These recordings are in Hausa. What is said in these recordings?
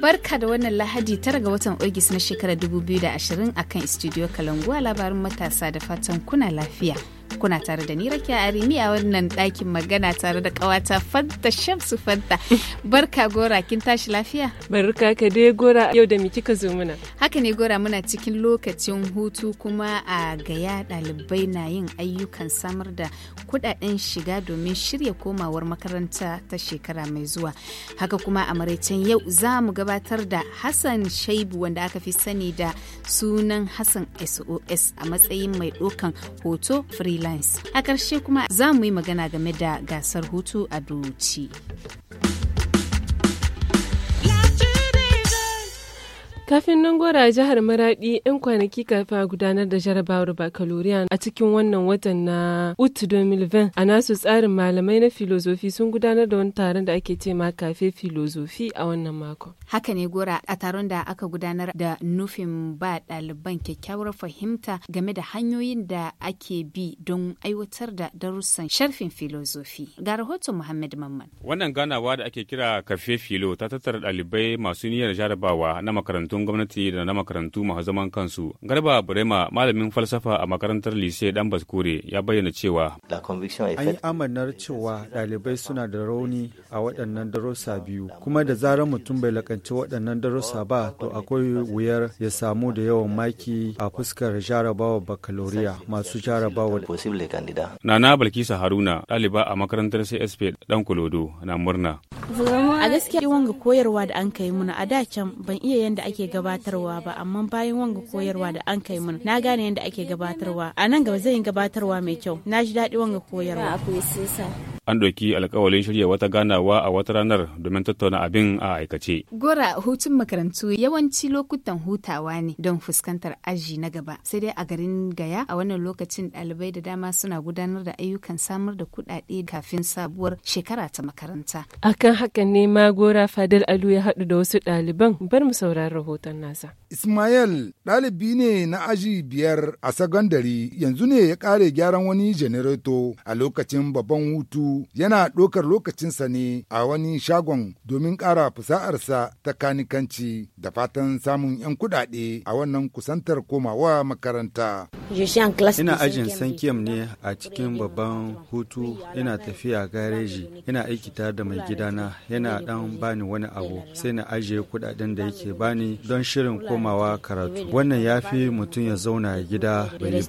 barka da wannan lahadi tara ga watan ogis na shekarar 2020 kan studio a labarin matasa da fatan kuna lafiya kuna tare da ni rakiya arimi a wannan ɗakin magana tare da ƙawata fanta shamsu fanta barka gora kin tashi lafiya barka ka dai gora yau da mi kika zo muna haka ne gora muna cikin lokacin hutu kuma a gaya ɗalibai na yin ayyukan samar da kuɗaɗen shiga domin shirya komawar makaranta ta shekara mai zuwa haka kuma a maraicen yau za mu gabatar da hassan shaibu wanda aka fi sani da sunan hassan sos a matsayin mai ɗaukan hoto freelance A ƙarshe kuma za mu yi magana game da gasar hutu a doci. Kafin nan gora jihar Maradi yan kwanaki kafin a gudanar da jarabawar bakaloriya a cikin wannan watan na Ut 2020 a nasu tsarin malamai na filozofi sun gudanar da wani taron da ake ce kafe filozofi a wannan makon. Haka ne gora a taron da aka gudanar da nufin ba ɗaliban kyakkyawar fahimta game da hanyoyin da ake bi don aiwatar da darussan sharfin filozofi. Ga rahoton Muhammad Mamman. Wannan ganawa da ake kira kafe filo ta tattara ɗalibai masu niyyar jarabawa na makarantu makarantun gwamnati da na makarantu masu zaman kansu. Garba Burema malamin falsafa a makarantar Lise Dan Baskure ya bayyana cewa. An yi amanar cewa ɗalibai suna da rauni a waɗannan darussa biyu kuma da zarar mutum bai lakanci waɗannan darussa ba to akwai wuyar ya samu da yawan maki a fuskar jarabawa bakaloriya masu jarabawa. Nana Balkisa Haruna ɗaliba a makarantar CSP ɗan Kulodo na murna. gaskiya gaskiya wanga koyarwa da an kai muna a da can ban iya yanda ake gabatarwa ba amma bayan wanga koyarwa da an kai muna na gane yanda ake gabatarwa a nan gaba zan yi gabatarwa mai kyau na ji daɗi wanga koyarwa an ɗauki alkawalin shirya wata ganawa a wata ranar domin tattauna abin a aikace. Gora hutun makarantu yawanci lokutan hutawa ne don fuskantar aji na gaba. Sai dai a garin Gaya a wannan lokacin ɗalibai da dama suna gudanar da ayyukan samar da kuɗaɗe kafin sabuwar shekara ta makaranta. Akan haka ne ma Gora Fadil Alu ya haɗu da wasu ɗaliban bar mu saurari rahoton nasa. Ismail ɗalibi ne na aji biyar a sagandari yanzu ne ya ƙare gyaran wani janareto a lokacin babban hutu yana ɗaukar lokacinsa ne a wani shagon domin ƙara fusa'arsa ta kanikanci da fatan samun 'yan kuɗaɗe a wannan kusantar komawa makaranta. Ina ajin sankiyam ne a cikin babban hutu ina tafiya gareji ina aiki tare da mai gidana yana dan bani wani abu sai na ajiye kudaden da yake bani don shirin komawa karatu wannan ya fi mutum ya zauna gida bai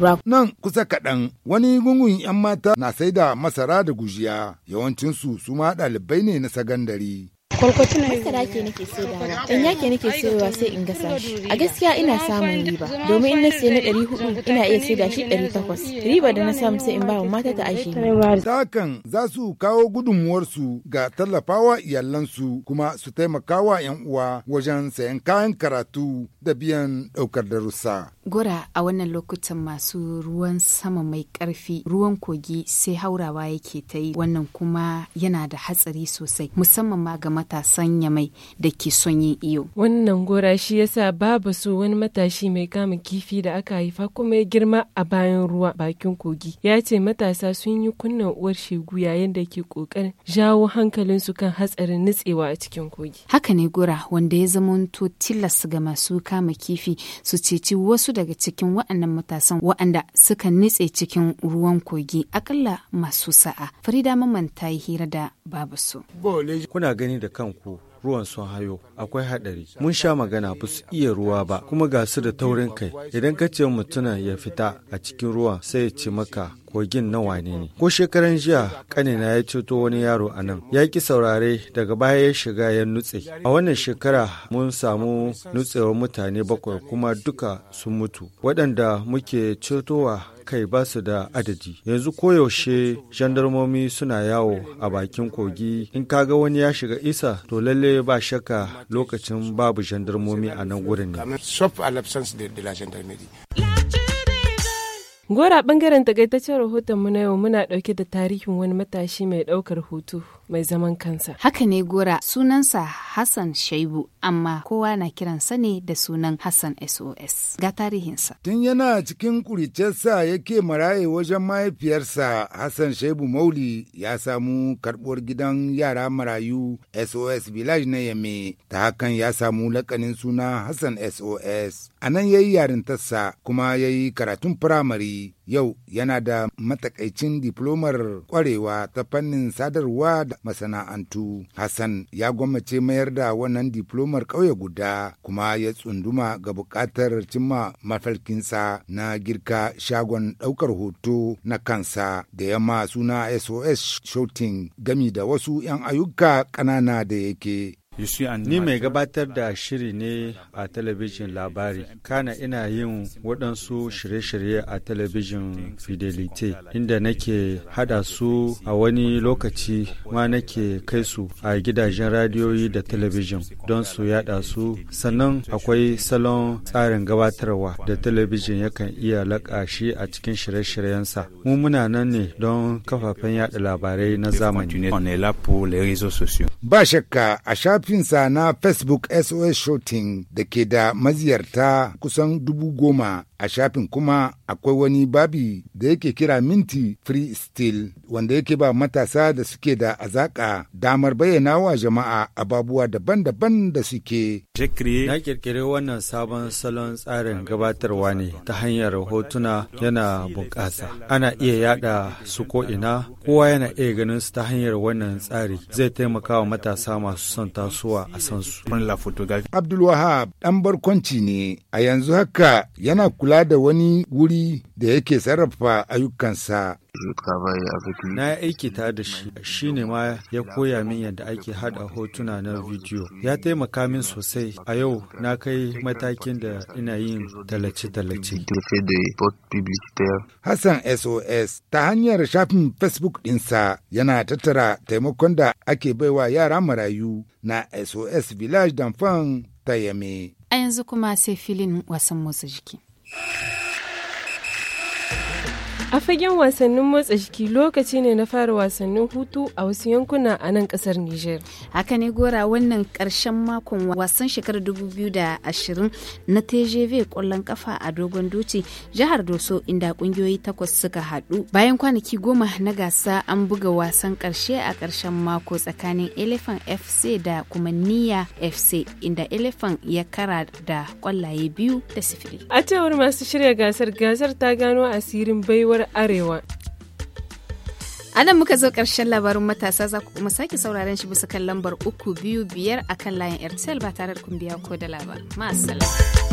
ba. Nan kusa kaɗan wani gungun 'yan mata na sai da masara da da gujiya yawancinsu su ma ɗalibai ne na sagandari. kwalkwacin masara ke nake saidawa dan yake nake saidawa sai in gasa shi a gaskiya ina samun riba domin in na sayi na ɗari ina iya saida shi ɗari takwas riba da na samu sai in ba wa mata ta ashe ta hakan za su kawo su ga tallafawa iyalansu kuma su taimakawa yan uwa wajen sayan kayan karatu da biyan ɗaukar darussa gora a wannan lokutan masu ruwan sama mai ƙarfi ruwan kogi sai haurawa yake ta yi wannan kuma yana da hatsari sosai musamman ma ga mata matasan mai da ke son yin iyo. Wannan gora shi yasa babu su wani matashi mai kama kifi da aka haifa kuma ya girma a bayan ruwa bakin kogi. Ya ce matasa sun yi kunnen uwar shegu yayin da ke kokarin jawo hankalinsu kan hatsarin nutsewa a cikin kogi. Haka ne gora wanda ya zamanto tilas ga masu kama kifi su ceci wasu daga cikin waɗannan matasan waɗanda suka nutse cikin ruwan kogi akalla masu sa'a. Farida Mamman yi hira da babu su. Kuna gani da kanku ruwan sun hayo akwai haɗari mun sha magana ba su iya ruwa ba kuma ga su da taurin kai idan ka ce mutuna ya fita a cikin ruwa sai ya ce maka kogin na wane ne ko shekaran jiya kanina ya ceto wani yaro a nan ya ki saurare daga baya ya shiga ya nutse a wannan shekara mun samu nutsewar mutane bakwai kuma duka sun mutu waɗanda muke cetowa kai ba su da adadi yanzu koyaushe jandarmomi suna yawo a bakin kogi in kaga wani ya shiga isa to lalle ba shaka lokacin babu jandarmomi a nan wurin ne Gora bangaren takaitaccen rahotonmu na yau muna ɗauke da tarihin wani matashi mai ɗaukar hutu mai zaman kansa. Haka ne Gora sunansa Hassan Shaibu amma kowa na kiransa ne da sunan Hassan SOS. Ga tarihinsa. Tun yana cikin kuricensa yake maraye wajen mahaifiyarsa Hassan Shaibu Mauli ya samu karbuwar gidan yara marayu SOS Village na Yame ta hakan ya samu lakanin suna Hassan SOS. A nan ya yi yarintarsa kuma ya yi karatun firamare yau yana da matakaicin diplomar kwarewa ta fannin sadarwa da masana'antu. Hassan ya gwammace mayar da wannan diplomar ƙauye guda kuma ya tsunduma ga buƙatar cimma mafalkinsa na girka shagon ɗaukar hoto na kansa da yamma suna SOS Shooting gami da wasu 'yan ayyuka ƙanana da yake Ni mai gabatar da shiri ne a talabijin labari, kana ina yin waɗansu shirye-shirye a talabijin Fidelite, inda nake hada su a wani lokaci ma nake kai su a gidajen radiyoyi da talabijin don su yada su. Sannan akwai salon tsarin gabatarwa da talabijin yakan iya laƙa shi a cikin shirye-shiryensa. Mu muna nan ne don kafafen yada labarai na zamani. Ba shakka a shafinsa na Facebook SOS Shooting da ke da maziyarta kusan dubu goma a shafin kuma akwai wani babi da yake kira minti free steel wanda yake ba matasa da suke da azaka damar bayyana wa jama'a ababuwa daban-daban da suke. Na kirkiri wannan sabon salon tsarin gabatarwa ne ta hanyar hotuna yana bunƙasa. Ana iya yada su ko ina kowa yana iya ganin su ta hanyar wannan tsari zai taimaka wa matasa masu son tasu so a san su. Abdulwahab ɗan barkwanci ne a yanzu haka yana kula da wani wuri da yake sarrafa ayyukansa. Na aiki ta da shi, shi ne ma ya koya min yadda ake hada hotuna na bidiyo. Ya taimaka min sosai a yau na kai matakin da ina yin talace-talace. Hassan SOS ta hanyar shafin Facebook ɗinsa yana tattara taimakon da ake baiwa yara marayu na SOS Village Danfan ta Yame. A yanzu kuma sai filin wasan motsa jiki. A fagen wasannin motsa jiki lokaci ne na fara wasannin hutu a wasu yankuna a nan kasar Nijar. Haka ne gora wannan karshen makon wasan shekarar 2020 na TGV kwallon kafa a Dogon Doci jihar Doso inda kungiyoyi takwas suka haɗu. Bayan kwanaki goma na gasa an buga wasan karshe a karshen mako tsakanin Elephant FC da kuma niya FC inda Elephant ya kara da kwallaye biyu da sifiri A cewar masu shirya gasar gasar ta gano asirin baiwar muryar Arewa. A nan muka zo ƙarshen labarin matasa za ku kuma sake sauraron shi bisa kan lambar uku biyu biyar a kan layin Airtel ba tare da kun biya ko da labar. Masala.